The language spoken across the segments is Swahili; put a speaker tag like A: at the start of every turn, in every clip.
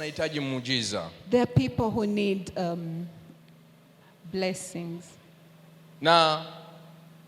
A: wanahitaji muujiza.
B: There are people who need um, blessings.
A: Na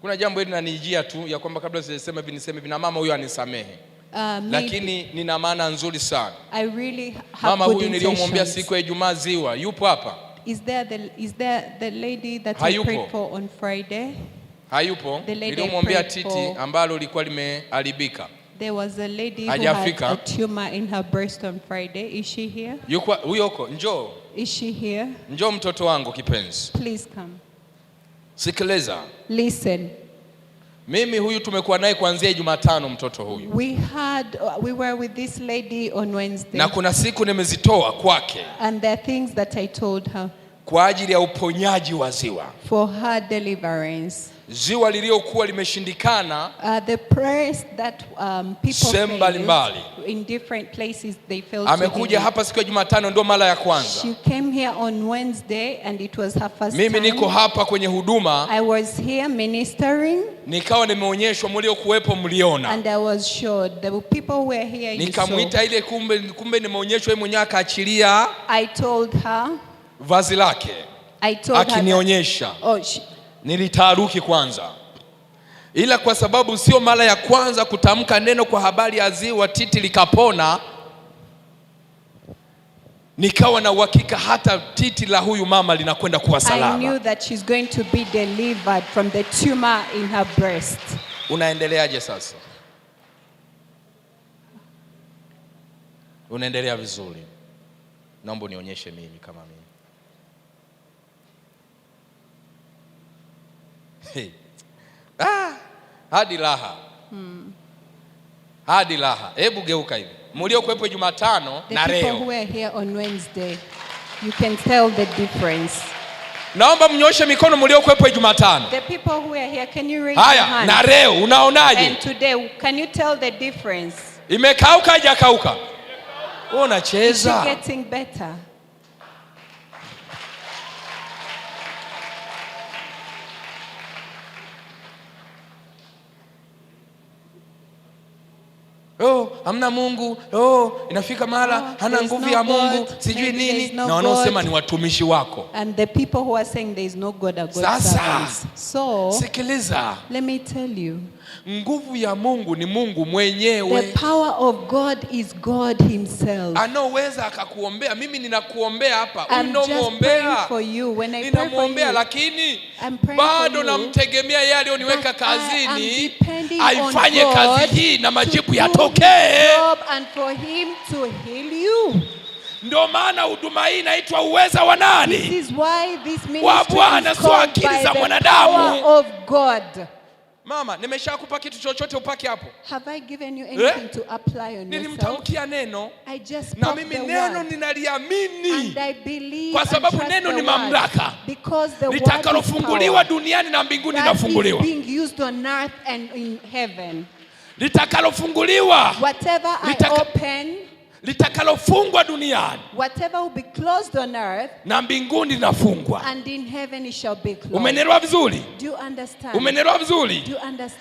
A: kuna jambo hili nanijia tu ya kwamba kabla sijasema hivi niseme hivi na mama huyo anisamehe. Uh, maybe, lakini nina maana nzuri sana.
B: I really have mama huyu niliyomwambia
A: siku ya Ijumaa Ziwa yupo hapa?
B: Is there the, is there the lady that Hayupo. prayed for on Friday?
A: Hayupo. Niliyomwombea titi ambalo lilikuwa limeharibika.
B: There was a lady who had a tumor in her breast on Friday. Is she here?
A: Yuko huyoko, njoo.
B: Is she here?
A: Njoo mtoto wangu kipenzi.
B: Please come.
A: Sikileza.
B: Listen.
A: Mimi huyu tumekuwa naye kuanzia Jumatano mtoto huyu.
B: We had uh, we were with this lady on Wednesday.
A: Na kuna siku nimezitoa kwake.
B: And there are things that I told her
A: kwa ajili ya uponyaji wa ziwa.
B: For her deliverance.
A: Ziwa lililokuwa limeshindikana
B: uh, the prayers that um, people sehemu mbalimbali. In different places they failed.
A: Amekuja hapa siku ya Jumatano ndio mara ya kwanza.
B: She came here on Wednesday and it was her first time.
A: Mimi niko hapa kwenye huduma.
B: I was here ministering.
A: Nikawa nimeonyeshwa, mliokuwepo mliona.
B: And I was sure the people were here.
A: Nikamwita ile, kumbe kumbe nimeonyeshwa, yeye mwenyewe akaachilia.
B: I told her
A: vazi lake akinionyesha oh, nilitaaruki kwanza, ila kwa sababu sio mara ya kwanza kutamka neno kwa habari ya ziwa titi likapona, nikawa na uhakika hata titi la huyu mama linakwenda kuwa salama. Unaendeleaje sasa? Unaendelea vizuri? Naomba unionyeshe mimi kama mimi Ah, hadi raha hmm. hadi raha. Hebu geuka hivi mliokuwepo Jumatano na Who
B: are here on Wednesday, you can tell the difference.
A: Naomba mnyoshe mikono mliokuwepo Jumatano.
B: The people who are here, can you raise your hand?
A: Haya, na reo unaonaje?
B: And today, can you tell the difference?
A: Imekauka haijakauka? Unacheza.
B: Getting better.
A: Oh, hamna Mungu. Oh, inafika mahala no, hana nguvu no ya Mungu sijui nini no na wanaosema ni watumishi wako.
B: And the people who are saying there is no God are God's servants. Sasa,
A: so, sikiliza.
B: Let me tell you.
A: Nguvu ya Mungu ni Mungu mwenyewe.
B: The power of God is God himself.
A: Anaweza akakuombea. Mimi ninakuombea hapa, unamuombea,
B: ninamuombea
A: lakini bado namtegemea yeye aliyoniweka kazini aifanye kazi hii na majibu yatokee. Ndio maana huduma hii inaitwa uweza wa nani?
B: Wa Bwana, sio akili za mwanadamu.
A: Mama, nimeshakupa kitu chochote upake hapo.
B: Have I given you eh? anything to apply on
A: nilimtamkia neno
B: I just na mimi neno
A: ninaliamini
B: kwa sababu neno ni mamlaka
A: litakalofunguliwa duniani na mbinguni linafunguliwa litakalofunguliwa litakalofungwa duniani
B: Whatever will be closed on earth,
A: na mbinguni linafungwa. Umenelewa vizuri? Umenelewa vizuri?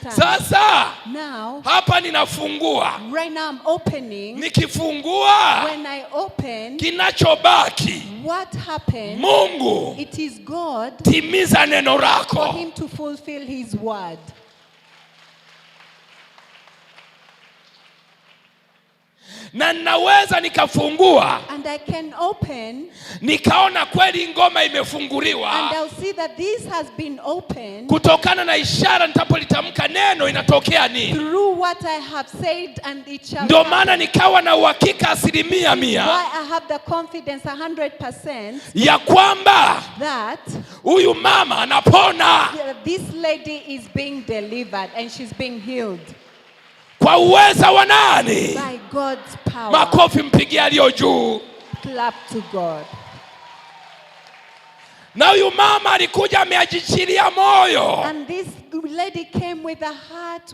A: Sasa now, hapa ninafungua
B: right now I'm opening.
A: Nikifungua
B: when I open,
A: kinachobaki
B: what happened,
A: Mungu
B: it is God,
A: timiza neno lako
B: for him to fulfill his word.
A: na ninaweza nikafungua
B: and I can open,
A: nikaona kweli ngoma imefunguliwa kutokana na ishara nitapolitamka neno inatokea nini. ndio maana nikawa na uhakika asilimia mia ya kwamba huyu mama anapona.
B: This lady is being delivered and she's being healed
A: kwa uweza wa nani?
B: By God's power.
A: Makofi mpigie aliyo juu.
B: Clap to God.
A: Na huyu mama alikuja ameajichilia moyo.
B: And this lady came with a heart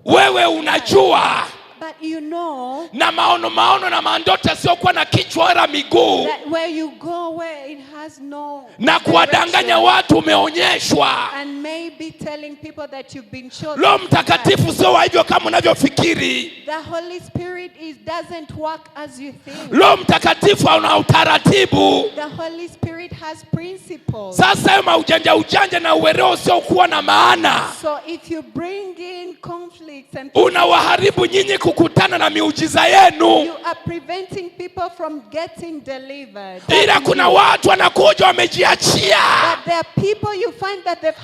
A: wewe unajua
B: But you know,
A: na maono maono na mandoto yasiyokuwa na kichwa wala miguu that
B: where you go where it has no
A: na kuwadanganya watu umeonyeshwa.
B: And maybe telling people that you've been Roho
A: Mtakatifu sio wa hivyo kama unavyofikiri.
B: The Holy Spirit is doesn't work as you think.
A: Roho Mtakatifu ana utaratibu.
B: The Holy Spirit has principles.
A: Sasa hayo maujanja ujanja na uwereo usiokuwa na maana.
B: So if you bring in conflicts and
A: unawaharibu nyinyi kukutana na miujiza yenu, ila kuna watu wanakuja wamejiachia.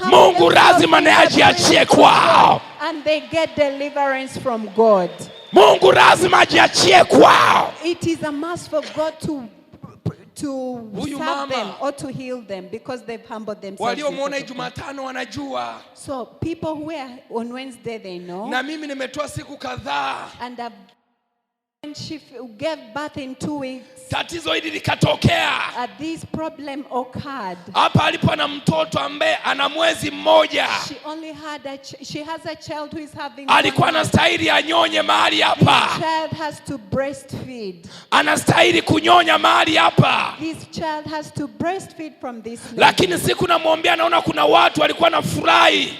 B: Mungu lazima
A: naye ajiachie kwao.
B: And they get deliverance from God.
A: Mungu lazima ajiachie kwao.
B: It is a must for God to to Huyu serve mama, them or to heal them because they've humbled
A: themselves. waliomwona wanajua,
B: So people who are on Wednesday they know
A: na mimi nimetoa siku kadhaa,
B: and I've- when she gave birth in two weeks
A: tatizo hili likatokea
B: uh, this problem occurred.
A: hapa alipo na mtoto ambaye ana mwezi mmoja, She, alikuwa anastahili anyonye mahali hapa. Anastahili kunyonya mahali hapa. Lakini siku namwombea, naona kuna watu walikuwa na furahi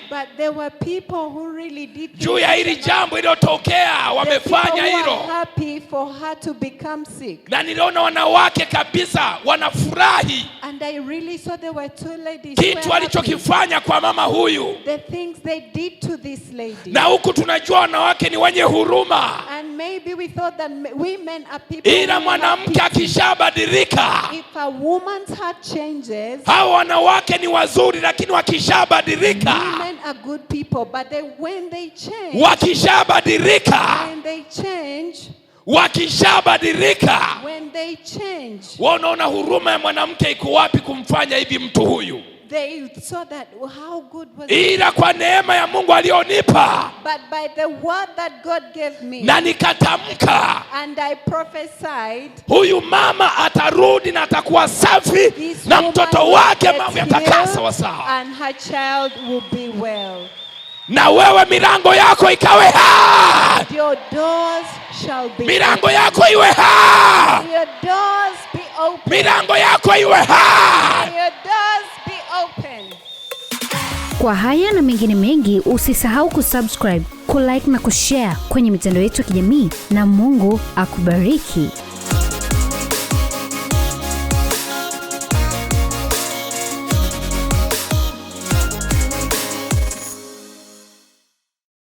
A: really juu ya hili jambo iliyotokea wamefanya hilo na niliona wanawake kabisa wanafurahi. really kitu alichokifanya kwa mama huyu
B: the things they did to this lady.
A: Na huku tunajua wanawake ni wenye huruma.
B: And maybe we thought that women are
A: people. Ila mwanamke akishabadilika,
B: if a woman's heart changes,
A: hao wanawake ni wazuri, lakini wakishabadilika,
B: women are good people, but they, when they change,
A: wakishabadilika,
B: when they change,
A: wakishabadilika,
B: when they change,
A: wao, unaona huruma ya mwanamke iko wapi kumfanya hivi mtu huyu?
B: They saw that how good was
A: ila kwa neema ya Mungu aliyonipa na nikatamka, huyu mama atarudi na atakuwa safi na mtoto wake mambo yatakaa sawasawa, na wewe milango yako ikawe ha, milango yako iwe ha, milango yako iwe ha
B: open. Kwa haya na mengine mengi, usisahau kusubscribe, kulike na kushare kwenye mitandao yetu ya kijamii, na Mungu akubariki.